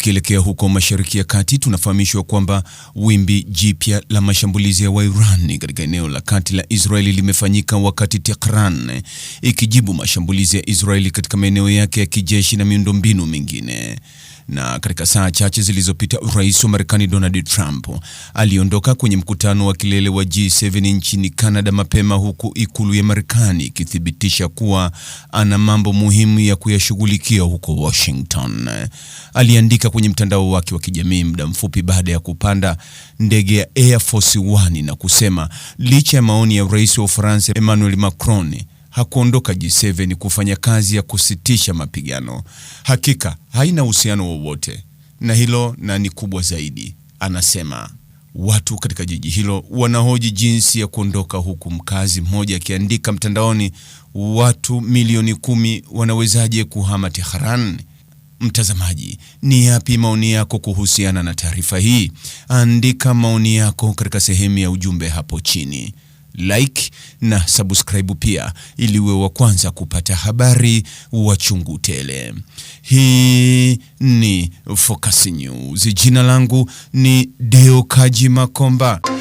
Tukielekea huko Mashariki ya Kati, tunafahamishwa kwamba wimbi jipya la mashambulizi ya Wairani katika eneo la kati la Israeli limefanyika wakati Tehran ikijibu mashambulizi ya Israeli katika maeneo yake ya kijeshi na miundombinu mingine. Na katika saa chache zilizopita, rais wa Marekani Donald Trump aliondoka kwenye mkutano wa kilele wa G7 nchini Canada mapema, huku ikulu ya Marekani ikithibitisha kuwa ana mambo muhimu ya kuyashughulikia huko Washington. Aliandika kwenye mtandao wake wa kijamii muda mfupi baada ya kupanda ndege ya Air Force One na kusema licha ya maoni ya rais wa Ufaransa Emmanuel Macron hakuondoka G7 kufanya kazi ya kusitisha mapigano. Hakika haina uhusiano wowote na hilo, na ni kubwa zaidi, anasema. Watu katika jiji hilo wanahoji jinsi ya kuondoka, huku mkazi mmoja akiandika mtandaoni, watu milioni kumi wanawezaje kuhama Tehran? Mtazamaji, ni yapi maoni yako kuhusiana na taarifa hii? Andika maoni yako katika sehemu ya ujumbe hapo chini like na subscribe pia, ili wa kwanza kupata habari wa chungu tele. Hii ni Focus News. Jina langu ni Deo Kaji Makomba.